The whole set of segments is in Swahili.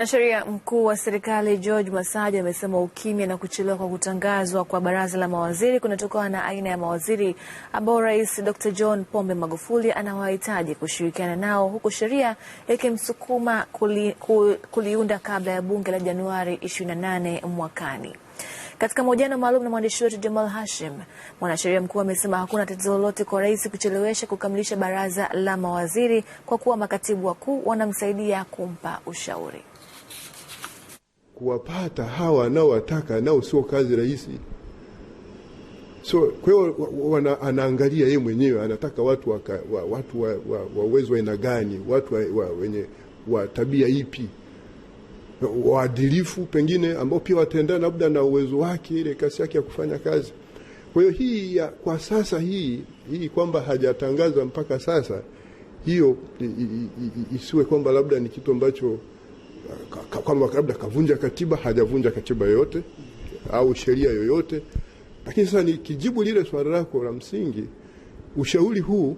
Mwanasheria mkuu wa serikali George Masaju amesema ukimya na kuchelewa kwa kutangazwa kwa baraza la mawaziri kunatokana na aina ya mawaziri ambao Rais Dr. John Pombe Magufuli anawahitaji kushirikiana nao huku sheria ikimsukuma kuli, kuliunda kabla ya bunge la Januari 28 mwakani. Katika mahojiano maalum na mwandishi wetu Jamal Hashim, mwanasheria mkuu amesema hakuna tatizo lolote kwa rais kuchelewesha kukamilisha baraza la mawaziri kwa kuwa makatibu wakuu wanamsaidia kumpa ushauri kuwapata hawa anaowataka nao sio kazi rahisi. So kwa hiyo anaangalia yeye mwenyewe, anataka watu waka, wa, watu wa, wa, wa uwezo aina gani, watu wa, wa, wenye wa tabia ipi, waadilifu pengine ambao pia wataendana labda na uwezo wake, ile kasi yake ya kufanya kazi. Kwa hiyo hii ya, kwa sasa hii hii kwamba hajatangaza mpaka sasa, hiyo isiwe kwamba labda ni kitu ambacho kwamba labda kavunja katiba. Hajavunja katiba yoyote au sheria yoyote. Lakini sasa nikijibu lile swali lako la msingi, ushauri huu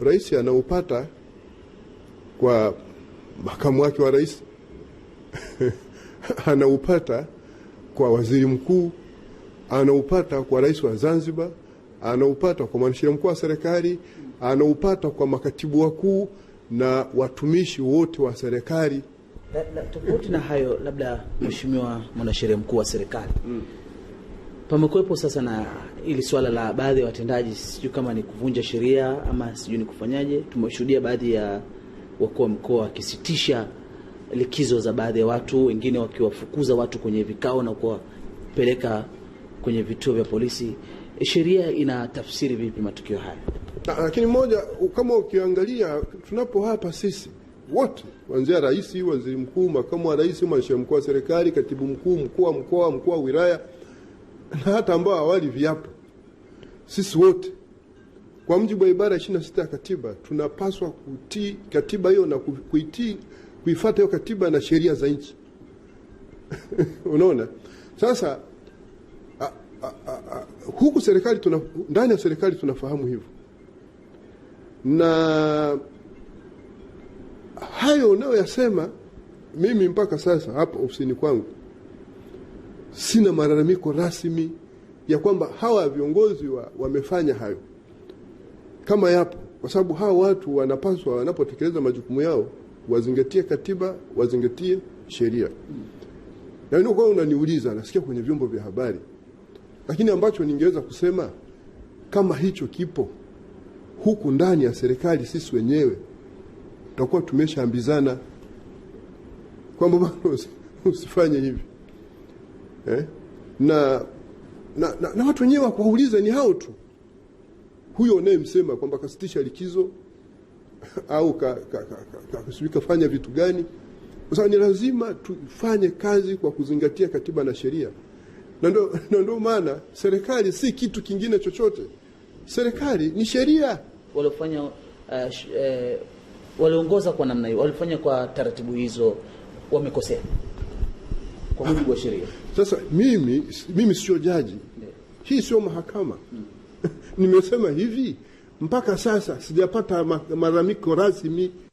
rais anaupata kwa makamu wake wa rais anaupata kwa waziri mkuu, anaupata kwa rais wa Zanzibar, anaupata kwa mwanasheria mkuu wa serikali, anaupata kwa makatibu wakuu na watumishi wote wa serikali tofauti na hayo labda Mheshimiwa Mwanasheria Mkuu wa Serikali, mm. pamekuwepo sasa na ili swala la baadhi ya watendaji, sijui kama ni kuvunja sheria ama sijui ni kufanyaje. Tumeshuhudia baadhi ya wakuu wa mkoa wakisitisha likizo za baadhi ya watu, wengine wakiwafukuza watu kwenye vikao na kuwapeleka kwenye vituo vya polisi. Sheria tafsiri vipi matukio haya? Lakini moja, kama ukiangalia tunapo hapa sisi wote, kuanzia rais, waziri mkuu, makamu wa rais, mwanasheria mkuu wa serikali, katibu mkuu, mkuu wa mkoa, mkuu wa wilaya na hata ambao hawali viapo. Sisi wote kwa mujibu wa ibara ya ishirini na sita ya katiba tunapaswa kutii katiba hiyo na kuitii, kuifuata hiyo katiba na sheria za nchi unaona. Sasa a, a, a, huku serikali tuna, ndani ya serikali tunafahamu hivyo na hayo unayoyasema, mimi mpaka sasa hapa ofisini kwangu sina malalamiko rasmi ya kwamba hawa viongozi wa, wamefanya hayo kama yapo, kwa sababu hawa watu wanapaswa wanapotekeleza majukumu yao wazingatie katiba, wazingatie sheria. Na kwa unaniuliza, nasikia kwenye vyombo vya habari, lakini ambacho ningeweza kusema kama hicho kipo huku ndani ya serikali sisi wenyewe tutakuwa tumeshaambizana kwamba bwana usifanye hivi eh? na, na, na, na watu wenyewe wakuwauliza ni hao tu, huyo unayemsema kwamba kasitisha likizo au kafanya ka, ka, ka, ka, vitu gani? Kwa sababu ni lazima tufanye kazi kwa kuzingatia katiba na sheria, na ndio maana serikali si kitu kingine chochote. Serikali ni sheria waliofanya uh, uh, waliongoza kwa namna hiyo, walifanya kwa taratibu hizo, wamekosea kwa mujibu wa sheria. Sasa mimi, mimi sio jaji, hii sio mahakama mm. Nimesema hivi mpaka sasa sijapata malalamiko rasmi